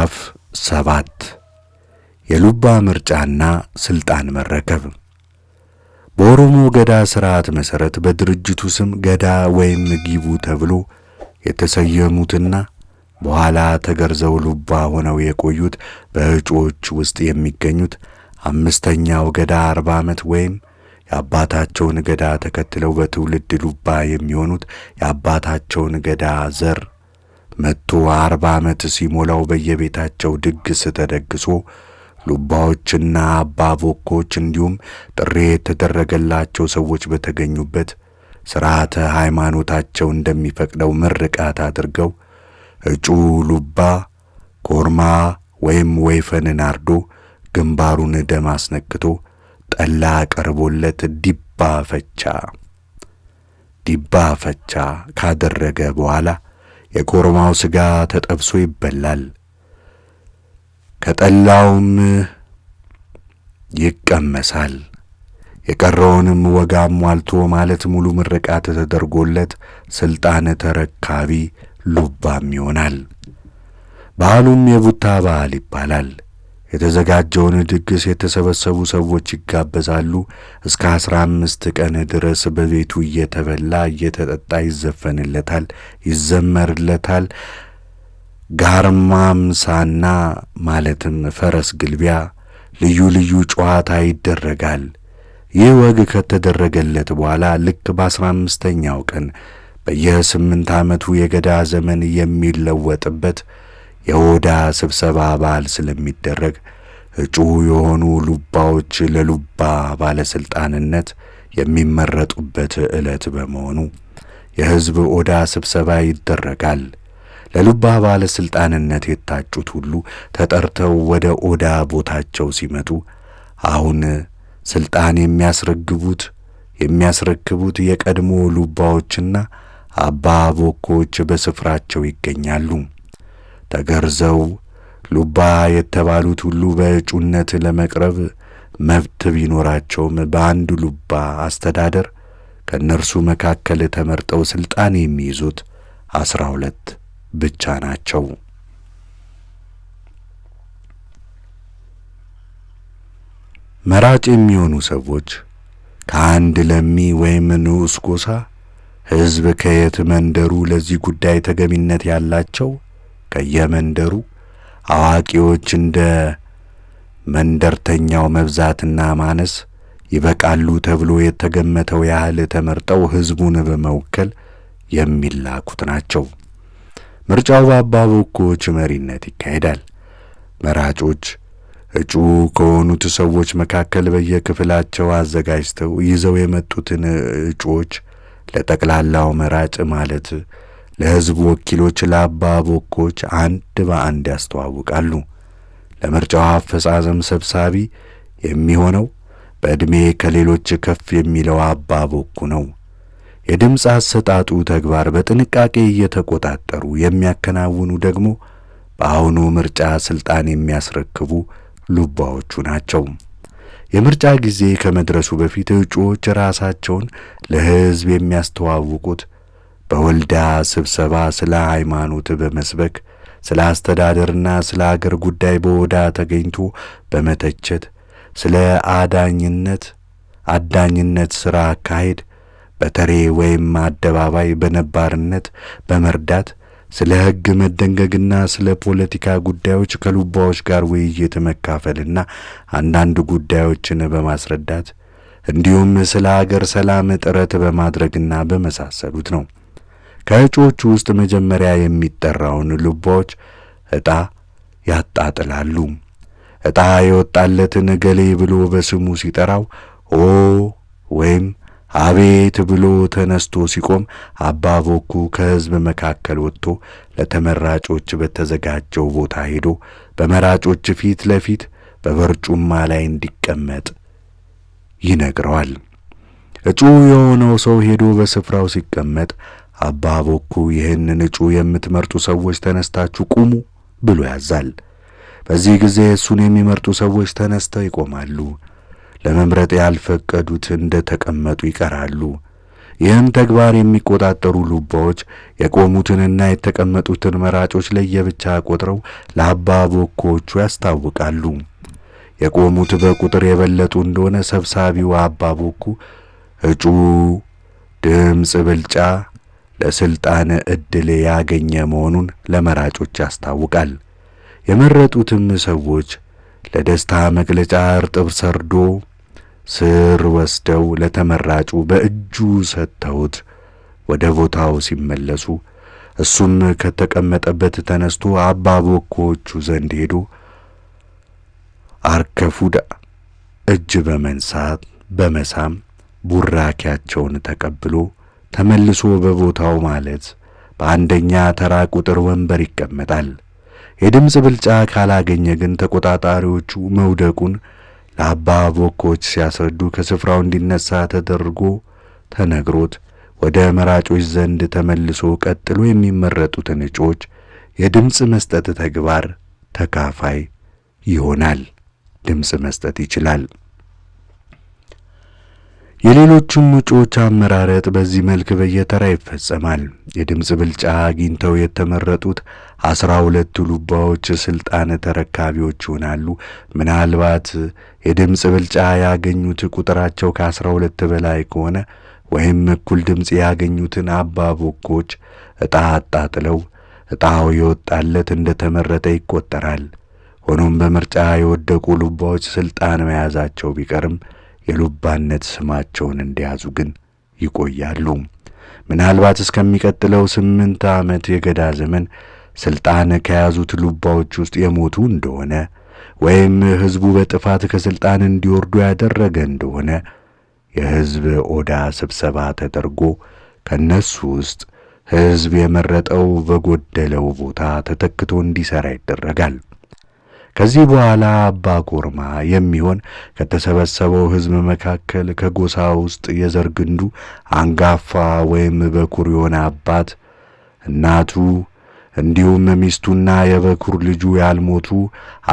ምዕራፍ ሰባት የሉባ ምርጫና ስልጣን መረከብ። በኦሮሞ ገዳ ስርዓት መሰረት በድርጅቱ ስም ገዳ ወይም ጊቡ ተብሎ የተሰየሙትና በኋላ ተገርዘው ሉባ ሆነው የቆዩት በእጩዎች ውስጥ የሚገኙት አምስተኛው ገዳ አርባ ዓመት ወይም የአባታቸውን ገዳ ተከትለው በትውልድ ሉባ የሚሆኑት የአባታቸውን ገዳ ዘር መጥቶ አርባ ዓመት ሲሞላው በየቤታቸው ድግስ ተደግሶ ሉባዎችና አባቦኮች እንዲሁም ጥሪ የተደረገላቸው ሰዎች በተገኙበት ሥርዓተ ሃይማኖታቸው እንደሚፈቅደው ምርቃት አድርገው እጩ ሉባ ኮርማ ወይም ወይፈንን አርዶ ግንባሩን ደም አስነክቶ ጠላ ቀርቦለት ዲባ ፈቻ ዲባ ፈቻ ካደረገ በኋላ የኮርማው ሥጋ ተጠብሶ ይበላል፣ ከጠላውም ይቀመሳል። የቀረውንም ወጋ ሟልቶ ማለት ሙሉ ምርቃት ተደርጎለት ሥልጣን ተረካቢ ሉባም ይሆናል። በዓሉም የቡታ በዓል ይባላል። የተዘጋጀውን ድግስ የተሰበሰቡ ሰዎች ይጋበዛሉ። እስከ አስራ አምስት ቀን ድረስ በቤቱ እየተበላ እየተጠጣ ይዘፈንለታል፣ ይዘመርለታል። ጋርማምሳና ማለትም ፈረስ ግልቢያ፣ ልዩ ልዩ ጨዋታ ይደረጋል። ይህ ወግ ከተደረገለት በኋላ ልክ በአስራ አምስተኛው ቀን በየስምንት ዓመቱ የገዳ ዘመን የሚለወጥበት የኦዳ ስብሰባ በዓል ስለሚደረግ እጩ የሆኑ ሉባዎች ለሉባ ባለሥልጣንነት የሚመረጡበት ዕለት በመሆኑ የሕዝብ ኦዳ ስብሰባ ይደረጋል። ለሉባ ባለሥልጣንነት የታጩት ሁሉ ተጠርተው ወደ ኦዳ ቦታቸው ሲመጡ አሁን ስልጣን የሚያስረግቡት የሚያስረክቡት የቀድሞ ሉባዎችና አባ ቦኮዎች በስፍራቸው ይገኛሉ። ተገርዘው ሉባ የተባሉት ሁሉ በእጩነት ለመቅረብ መብት ቢኖራቸውም በአንድ ሉባ አስተዳደር ከእነርሱ መካከል ተመርጠው ሥልጣን የሚይዙት ዐሥራ ሁለት ብቻ ናቸው። መራጭ የሚሆኑ ሰዎች ከአንድ ለሚ ወይም ንዑስ ጎሳ ሕዝብ ከየት መንደሩ ለዚህ ጉዳይ ተገቢነት ያላቸው ከየመንደሩ አዋቂዎች እንደ መንደርተኛው መብዛትና ማነስ ይበቃሉ ተብሎ የተገመተው ያህል ተመርጠው ሕዝቡን በመወከል የሚላኩት ናቸው። ምርጫው በአባቦኮዎች መሪነት ይካሄዳል። መራጮች እጩ ከሆኑት ሰዎች መካከል በየክፍላቸው አዘጋጅተው ይዘው የመጡትን እጩዎች ለጠቅላላው መራጭ ማለት ለሕዝቡ ወኪሎች ለአባ ቦኮች አንድ በአንድ ያስተዋውቃሉ። ለምርጫው አፈጻጸም ሰብሳቢ የሚሆነው በዕድሜ ከሌሎች ከፍ የሚለው አባ ቦኩ ነው። የድምፅ አሰጣጡ ተግባር በጥንቃቄ እየተቆጣጠሩ የሚያከናውኑ ደግሞ በአሁኑ ምርጫ ስልጣን የሚያስረክቡ ሉባዎቹ ናቸው። የምርጫ ጊዜ ከመድረሱ በፊት እጩዎች ራሳቸውን ለሕዝብ የሚያስተዋውቁት በወልዳ ስብሰባ ስለ ሃይማኖት በመስበክ ስለ አስተዳደርና ስለ አገር ጉዳይ በወዳ ተገኝቶ በመተቸት ስለ አዳኝነት አዳኝነት ሥራ አካሄድ በተሬ ወይም አደባባይ በነባርነት በመርዳት ስለ ሕግ መደንገግና ስለ ፖለቲካ ጉዳዮች ከሉባዎች ጋር ውይይት መካፈልና አንዳንድ ጉዳዮችን በማስረዳት እንዲሁም ስለ አገር ሰላም ጥረት በማድረግና በመሳሰሉት ነው። ከእጩዎቹ ውስጥ መጀመሪያ የሚጠራውን ልቦች ዕጣ ያጣጥላሉ። ዕጣ የወጣለትን ገሌ ብሎ በስሙ ሲጠራው ኦ ወይም አቤት ብሎ ተነስቶ ሲቆም አባ ቦኩ ከሕዝብ መካከል ወጥቶ ለተመራጮች በተዘጋጀው ቦታ ሄዶ በመራጮች ፊት ለፊት በበርጩማ ላይ እንዲቀመጥ ይነግረዋል። እጩ የሆነው ሰው ሄዶ በስፍራው ሲቀመጥ አባ ቦኩ ይህንን እጩ የምትመርጡ ሰዎች ተነስታችሁ ቁሙ ብሎ ያዛል። በዚህ ጊዜ እሱን የሚመርጡ ሰዎች ተነስተው ይቆማሉ። ለመምረጥ ያልፈቀዱት እንደ ተቀመጡ ይቀራሉ። ይህን ተግባር የሚቆጣጠሩ ሉባዎች የቆሙትንና የተቀመጡትን መራጮች ለየብቻ ቆጥረው ለአባ ቦኮዎቹ ያስታውቃሉ። የቆሙት በቁጥር የበለጡ እንደሆነ ሰብሳቢው አባ ቦኩ እጩ ድምፅ ብልጫ ለስልጣን ዕድል ያገኘ መሆኑን ለመራጮች ያስታውቃል። የመረጡትም ሰዎች ለደስታ መግለጫ እርጥብ ሰርዶ ስር ወስደው ለተመራጩ በእጁ ሰጥተውት ወደ ቦታው ሲመለሱ እሱም ከተቀመጠበት ተነስቶ አባቦኮቹ ዘንድ ሄዶ አርከፉዳ እጅ በመንሳት በመሳም ቡራኪያቸውን ተቀብሎ ተመልሶ በቦታው ማለት በአንደኛ ተራ ቁጥር ወንበር ይቀመጣል። የድምፅ ብልጫ ካላገኘ ግን ተቆጣጣሪዎቹ መውደቁን ለአባ ቦኮች ሲያስረዱ ከስፍራው እንዲነሳ ተደርጎ ተነግሮት ወደ መራጮች ዘንድ ተመልሶ ቀጥሎ የሚመረጡትን እጩዎች የድምፅ መስጠት ተግባር ተካፋይ ይሆናል። ድምፅ መስጠት ይችላል። የሌሎችም እጩዎች አመራረጥ በዚህ መልክ በየተራ ይፈጸማል። የድምፅ ብልጫ አግኝተው የተመረጡት አስራ ሁለቱ ሉባዎች ስልጣን ተረካቢዎች ይሆናሉ። ምናልባት የድምፅ ብልጫ ያገኙት ቁጥራቸው ከአስራ ሁለት በላይ ከሆነ ወይም እኩል ድምፅ ያገኙትን አባ ቦኮች ዕጣ አጣጥለው ዕጣው የወጣለት እንደተመረጠ ይቆጠራል። ሆኖም በምርጫ የወደቁ ሉባዎች ስልጣን መያዛቸው ቢቀርም የሉባነት ስማቸውን እንደያዙ ግን ይቆያሉ። ምናልባት እስከሚቀጥለው ስምንት ዓመት የገዳ ዘመን ሥልጣን ከያዙት ሉባዎች ውስጥ የሞቱ እንደሆነ ወይም ሕዝቡ በጥፋት ከሥልጣን እንዲወርዱ ያደረገ እንደሆነ የሕዝብ ኦዳ ስብሰባ ተደርጎ ከእነሱ ውስጥ ሕዝብ የመረጠው በጎደለው ቦታ ተተክቶ እንዲሠራ ይደረጋል። ከዚህ በኋላ አባ ኮርማ የሚሆን ከተሰበሰበው ሕዝብ መካከል ከጎሳ ውስጥ የዘር ግንዱ አንጋፋ ወይም በኩር የሆነ አባት፣ እናቱ እንዲሁም ሚስቱና የበኩር ልጁ ያልሞቱ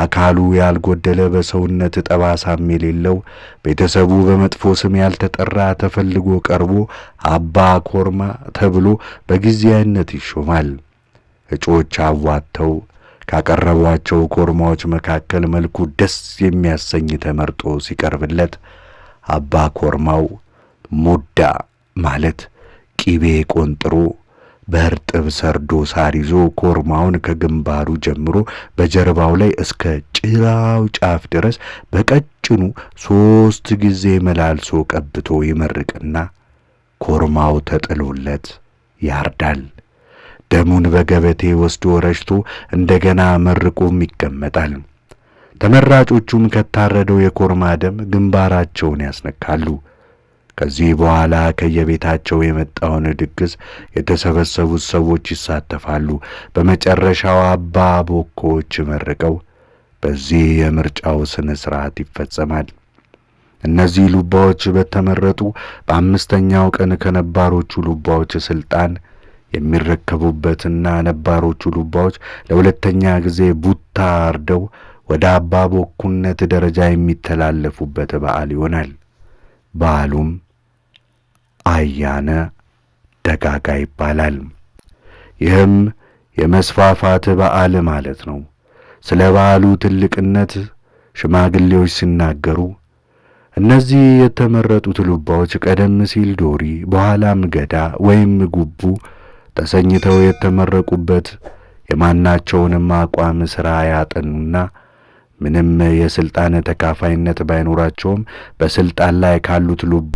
አካሉ ያልጎደለ በሰውነት ጠባሳም የሌለው ቤተሰቡ በመጥፎ ስም ያልተጠራ ተፈልጎ ቀርቦ አባ ኮርማ ተብሎ በጊዜያዊነት ይሾማል። እጩዎች አዋጥተው ካቀረቧቸው ኮርማዎች መካከል መልኩ ደስ የሚያሰኝ ተመርጦ ሲቀርብለት አባ ኮርማው ሙዳ ማለት ቂቤ ቆንጥሮ በእርጥብ ሰርዶ ሳር ይዞ ኮርማውን ከግንባሩ ጀምሮ በጀርባው ላይ እስከ ጭራው ጫፍ ድረስ በቀጭኑ ሦስት ጊዜ መላልሶ ቀብቶ ይመርቅና ኮርማው ተጥሎለት ያርዳል። ደሙን በገበቴ ወስዶ ረጭቶ እንደገና መርቆም ይቀመጣል። ተመራጮቹም ከታረደው የኮርማ ደም ግንባራቸውን ያስነካሉ። ከዚህ በኋላ ከየቤታቸው የመጣውን ድግስ የተሰበሰቡት ሰዎች ይሳተፋሉ። በመጨረሻው አባ ቦኮዎች መርቀው በዚህ የምርጫው ስነ ሥርዓት ይፈጸማል። እነዚህ ሉባዎች በተመረጡ በአምስተኛው ቀን ከነባሮቹ ሉባዎች ሥልጣን የሚረከቡበትና ነባሮቹ ሉባዎች ለሁለተኛ ጊዜ ቡታ አርደው ወደ አባ ቦኩነት ደረጃ የሚተላለፉበት በዓል ይሆናል። በዓሉም አያነ ደጋጋ ይባላል። ይህም የመስፋፋት በዓል ማለት ነው። ስለ በዓሉ ትልቅነት ሽማግሌዎች ሲናገሩ እነዚህ የተመረጡት ሉባዎች ቀደም ሲል ዶሪ፣ በኋላም ገዳ ወይም ጉቡ ተሰኝተው የተመረቁበት የማናቸውንም አቋም ሥራ ያጠኑና ምንም የሥልጣን ተካፋይነት ባይኖራቸውም በሥልጣን ላይ ካሉት